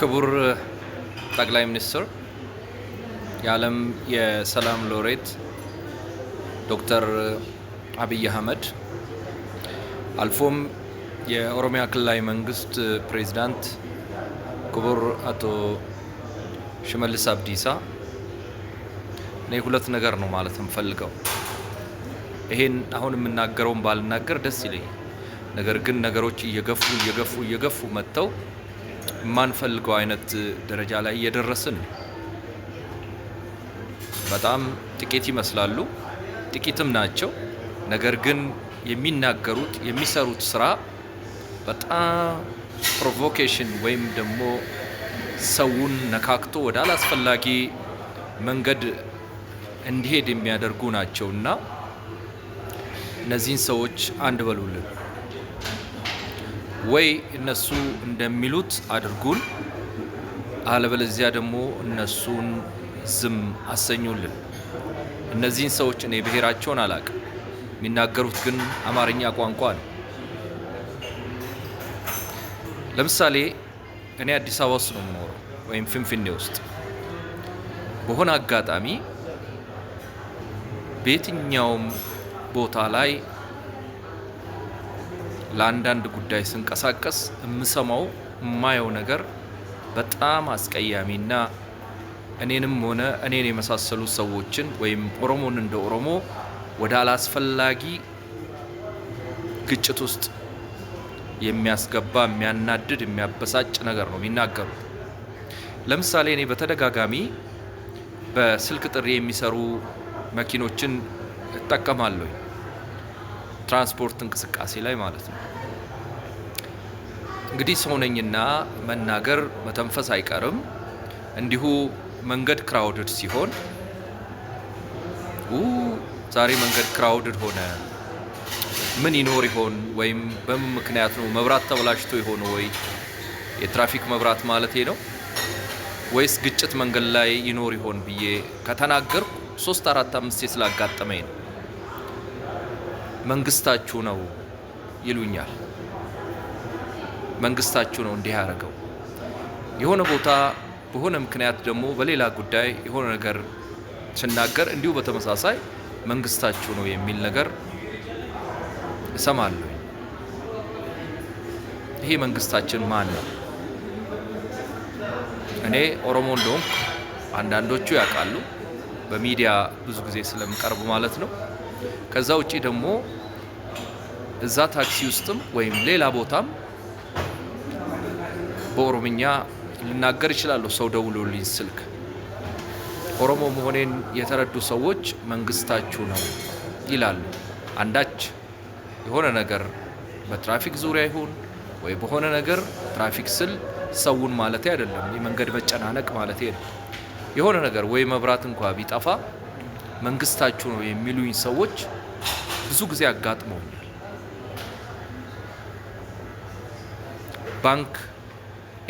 ክቡር ጠቅላይ ሚኒስትር፣ የዓለም የሰላም ሎሬት ዶክተር አብይ አህመድ አልፎም የኦሮሚያ ክልላዊ መንግስት ፕሬዚዳንት ክቡር አቶ ሽመልስ አብዲሳ፣ እኔ ሁለት ነገር ነው ማለት የምፈልገው። ይሄን አሁን የምናገረውን ባልናገር ደስ ይለኝ። ነገር ግን ነገሮች እየገፉ እየገፉ እየገፉ መጥተው የማንፈልገው አይነት ደረጃ ላይ እየደረስን በጣም ጥቂት ይመስላሉ፣ ጥቂትም ናቸው። ነገር ግን የሚናገሩት የሚሰሩት ስራ በጣም ፕሮቮኬሽን ወይም ደግሞ ሰውን ነካክቶ ወደ አላስፈላጊ መንገድ እንዲሄድ የሚያደርጉ ናቸው እና እነዚህን ሰዎች አንድ በሉልን። ወይ እነሱ እንደሚሉት አድርጉን፣ አለበለዚያ ደግሞ እነሱን ዝም አሰኙልን። እነዚህን ሰዎች እኔ ብሔራቸውን አላቅም፣ የሚናገሩት ግን አማርኛ ቋንቋ ነው። ለምሳሌ እኔ አዲስ አበባ ውስጥ ነው የምኖረው ወይም ፍንፍኔ ውስጥ። በሆነ አጋጣሚ በየትኛውም ቦታ ላይ ለአንዳንድ ጉዳይ ስንቀሳቀስ የምሰማው የማየው ነገር በጣም አስቀያሚና እኔንም ሆነ እኔን የመሳሰሉ ሰዎችን ወይም ኦሮሞን እንደ ኦሮሞ ወደ አላስፈላጊ ግጭት ውስጥ የሚያስገባ የሚያናድድ፣ የሚያበሳጭ ነገር ነው የሚናገሩት። ለምሳሌ እኔ በተደጋጋሚ በስልክ ጥሪ የሚሰሩ መኪኖችን እጠቀማለሁ። ትራንስፖርት እንቅስቃሴ ላይ ማለት ነው። እንግዲህ ሰውነኝና መናገር መተንፈስ አይቀርም። እንዲሁ መንገድ ክራውድድ ሲሆን ዛሬ መንገድ ክራውድድ ሆነ፣ ምን ይኖር ይሆን ወይም በምን ምክንያት ነው? መብራት ተበላሽቶ ይሆን ወይ? የትራፊክ መብራት ማለት ነው ወይስ ግጭት መንገድ ላይ ይኖር ይሆን ብዬ ከተናገርኩ ሶስት አራት አምስቴ ስላጋጠመኝ ነው። መንግስታችሁ ነው ይሉኛል። መንግስታችሁ ነው እንዲህ ያደረገው። የሆነ ቦታ በሆነ ምክንያት ደግሞ በሌላ ጉዳይ የሆነ ነገር ስናገር እንዲሁ በተመሳሳይ መንግስታችሁ ነው የሚል ነገር እሰማለሁ። ይሄ መንግስታችን ማን ነው? እኔ ኦሮሞ እንደሆንኩ አንዳንዶቹ ያውቃሉ፣ በሚዲያ ብዙ ጊዜ ስለምቀርብ ማለት ነው። ከዛ ውጪ ደግሞ እዛ ታክሲ ውስጥም ወይም ሌላ ቦታም በኦሮምኛ ልናገር እችላለሁ። ሰው ደውሎልኝ ስልክ ኦሮሞ መሆኔን የተረዱ ሰዎች መንግስታችሁ ነው ይላሉ። አንዳች የሆነ ነገር በትራፊክ ዙሪያ ይሁን ወይ በሆነ ነገር ትራፊክ ስል ሰውን ማለት አይደለም፣ የመንገድ መጨናነቅ ማለት ነው። የሆነ ነገር ወይ መብራት እንኳ ቢጠፋ መንግስታችሁ ነው የሚሉኝ ሰዎች ብዙ ጊዜ አጋጥመውኛል። ባንክ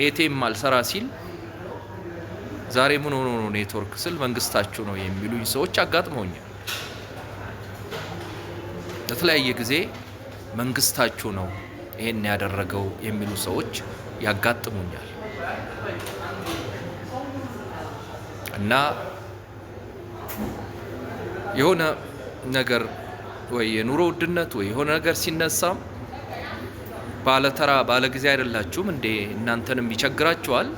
ኤቲኤም አልሰራ ሲል ዛሬ ምን ሆኖ ነው ኔትወርክ ስል መንግስታችሁ ነው የሚሉኝ ሰዎች አጋጥመውኛል። በተለያየ ጊዜ መንግስታችሁ ነው ይሄን ያደረገው የሚሉ ሰዎች ያጋጥሙኛል እና የሆነ ነገር ወይ የኑሮ ውድነት ወይ የሆነ ነገር ሲነሳም ባለተራ ባለጊዜ አይደላችሁም እንዴ? እናንተንም ይቸግራችኋል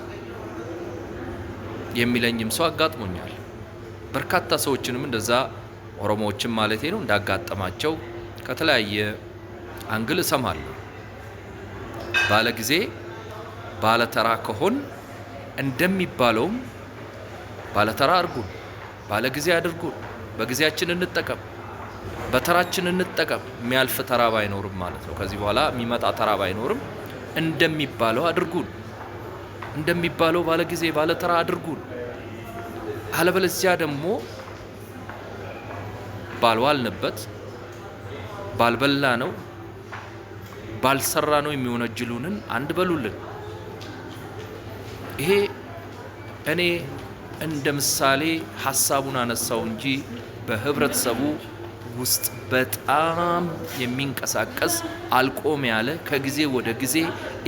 የሚለኝም ሰው አጋጥሞኛል። በርካታ ሰዎችንም እንደዛ ኦሮሞዎችን ማለት ነው እንዳጋጠማቸው ከተለያየ አንግል እሰማለሁ። ባለጊዜ ባለተራ ከሆን እንደሚባለውም ባለተራ አድርጉን፣ ጊዜ አድርጉን፣ በጊዜያችን እንጠቀም። በተራችን እንጠቀም። የሚያልፍ ተራ ባይኖርም ማለት ነው። ከዚህ በኋላ የሚመጣ ተራ ባይኖርም እንደሚባለው አድርጉን፣ እንደሚባለው ባለ ጊዜ ባለ ተራ አድርጉን። አለበለዚያ ደግሞ ባልዋልንበት ባልበላ ነው ባልሰራ ነው የሚወነጅሉንን አንድ በሉልን። ይሄ እኔ እንደ ምሳሌ ሀሳቡን አነሳው እንጂ በህብረተሰቡ ውስጥ በጣም የሚንቀሳቀስ አልቆም ያለ ከጊዜ ወደ ጊዜ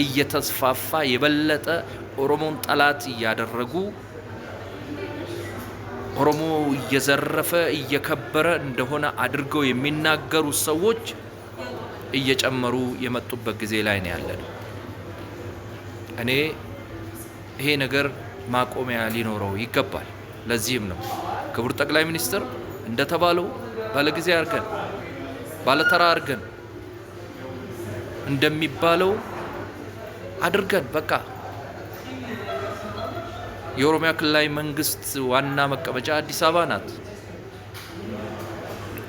እየተስፋፋ የበለጠ ኦሮሞን ጠላት እያደረጉ ኦሮሞ እየዘረፈ እየከበረ እንደሆነ አድርገው የሚናገሩ ሰዎች እየጨመሩ የመጡበት ጊዜ ላይ ነው ያለን። እኔ ይሄ ነገር ማቆሚያ ሊኖረው ይገባል። ለዚህም ነው ክቡር ጠቅላይ ሚኒስትር እንደተባለው ባለጊዜ አድርገን ባለተራ አድርገን እንደሚባለው አድርገን በቃ የኦሮሚያ ክልላዊ መንግስት ዋና መቀመጫ አዲስ አበባ ናት።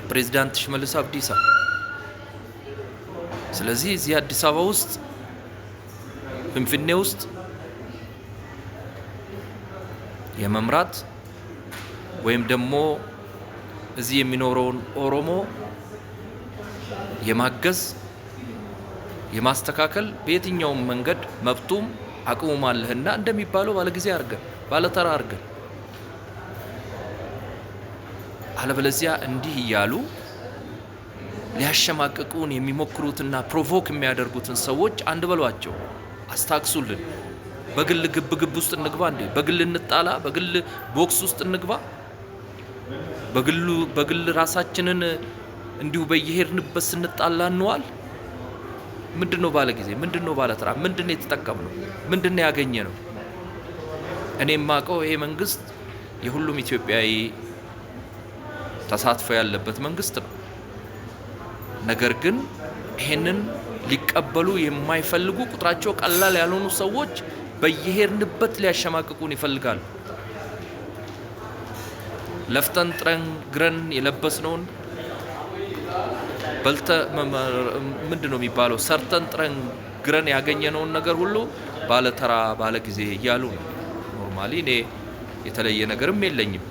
ፕሬዚዳንት ሽመልስ አብዲሳ። ስለዚህ እዚህ አዲስ አበባ ውስጥ ፍንፍኔ ውስጥ የመምራት ወይም ደግሞ እዚህ የሚኖረውን ኦሮሞ የማገዝ የማስተካከል በየትኛውም መንገድ መብቱም አቅሙም አለህና እንደሚባለው ባለጊዜ አድርገን ባለተራ አድርገን አለበለዚያ እንዲህ እያሉ ሊያሸማቅቁን የሚሞክሩትና ፕሮቮክ የሚያደርጉትን ሰዎች አንድ በሏቸው፣ አስታክሱልን። በግል ግብ ግብ ውስጥ እንግባ እንዴ? በግል እንጣላ? በግል ቦክስ ውስጥ እንግባ? በግሉ በግል ራሳችንን እንዲሁ በየሄድንበት ስንጣላ እንዋል። ምንድን ነው ባለ ጊዜ ምንድን ነው ባለ ተራ ምንድን ነው የተጠቀምነው? ምንድን ነው ያገኘነው? እኔ የማውቀው ይሄ መንግስት የሁሉም ኢትዮጵያዊ ተሳትፎ ያለበት መንግስት ነው። ነገር ግን ይሄንን ሊቀበሉ የማይፈልጉ ቁጥራቸው ቀላል ያልሆኑ ሰዎች በየሄድንበት ሊያሸማቅቁን ይፈልጋሉ። ለፍተን ጥረን ግረን የለበስነውን በልተ ምንድ ነው የሚባለው? ሰርተን ጥረን ግረን ያገኘነውን ነገር ሁሉ ባለ ተራ ባለ ጊዜ እያሉ ነው። ኖርማሊ እኔ የተለየ ነገርም የለኝም።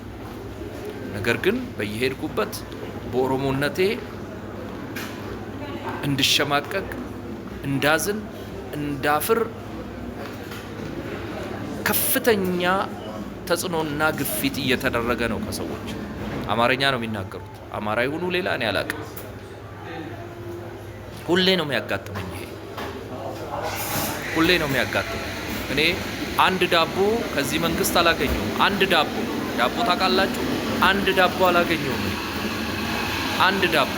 ነገር ግን በየሄድኩበት በኦሮሞነቴ እንድሸማቀቅ፣ እንዳዝን፣ እንዳፍር ከፍተኛ ተጽዕኖና ግፊት እየተደረገ ነው። ከሰዎች አማርኛ ነው የሚናገሩት። አማራ ይሁኑ ሌላ እኔ አላቅም። ሁሌ ነው የሚያጋጥመኝ ይሄ ሁሌ ነው የሚያጋጥመኝ። እኔ አንድ ዳቦ ከዚህ መንግስት አላገኘውም። አንድ ዳቦ ዳቦ ታውቃላችሁ፣ አንድ ዳቦ አላገኘውም። አንድ ዳቦ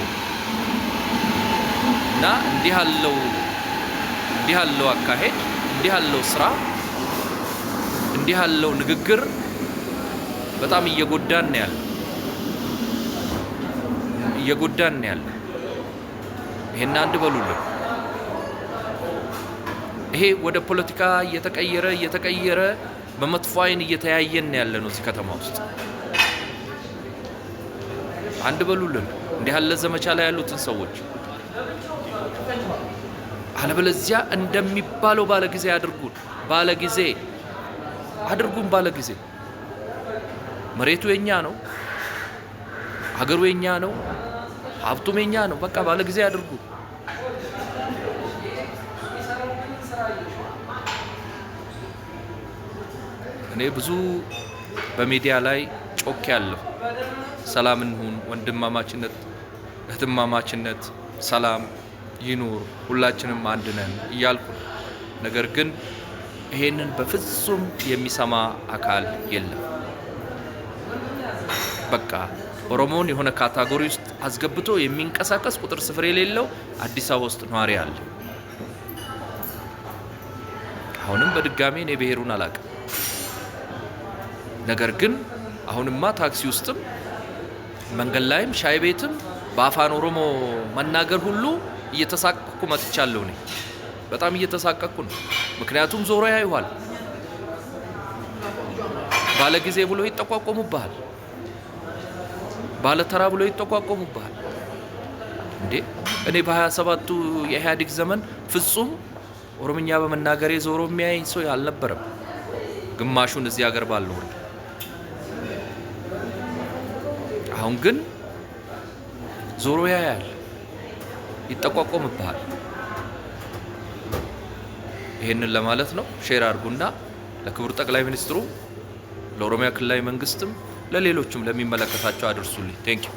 እና እንዲህ አለው እንዲህ አለው አካሄድ እንዲህ አለው ስራ እንዲህ ያለው ንግግር በጣም እየጎዳን ያለ እየጎዳን ያለ ይሄን አንድ በሉልን። ይሄ ወደ ፖለቲካ እየተቀየረ እየተቀየረ በመጥፎ አይን እየተያየን ያለ ነው እዚህ ከተማ ውስጥ አንድ በሉልን። እንዲህ ያለ ዘመቻ ላይ ያሉትን ሰዎች አለበለዚያ እንደሚባለው ባለጊዜ አድርጉን ባለጊዜ አድርጉም ባለ ጊዜ መሬቱ የኛ ነው፣ አገሩ የኛ ነው፣ ሀብቱም የኛ ነው። በቃ ባለ ጊዜ አድርጉ። እኔ ብዙ በሚዲያ ላይ ጮክ ያለሁ ሰላም እንሁን፣ ወንድማማችነት፣ እህትማማችነት፣ ሰላም ይኑር፣ ሁላችንም አንድ ነን እያልኩ ነገር ግን ይሄንን በፍጹም የሚሰማ አካል የለም። በቃ ኦሮሞን የሆነ ካታጎሪ ውስጥ አስገብቶ የሚንቀሳቀስ ቁጥር ስፍር የሌለው አዲስ አበባ ውስጥ ነዋሪ አለ። አሁንም በድጋሚ እኔ ብሔሩን አላቅም። ነገር ግን አሁንማ ታክሲ ውስጥም መንገድ ላይም ሻይ ቤትም በአፋን ኦሮሞ መናገር ሁሉ እየተሳቀቅኩ መጥቻለሁ። እኔ በጣም እየተሳቀቅኩ ነው። ምክንያቱም ዞሮ ያዩሃል። ባለ ጊዜ ብሎ ይጠቋቆሙብሃል። ባለ ተራ ብሎ ይጠቋቆሙብሃል። እንዴ እኔ በሀያ ሰባቱ የኢህአዴግ ዘመን ፍጹም ኦሮምኛ በመናገሬ ዞሮ የሚያይኝ ሰው አልነበረም። ግማሹን እዚህ ሀገር ባልኖር። አሁን ግን ዞሮ ያያል፣ ይጠቋቆምብሃል። ይህንን ለማለት ነው። ሼር አድርጉና ለክቡር ጠቅላይ ሚኒስትሩ፣ ለኦሮሚያ ክልላዊ መንግስትም፣ ለሌሎችም ለሚመለከታቸው አድርሱልኝ። ቴንኪው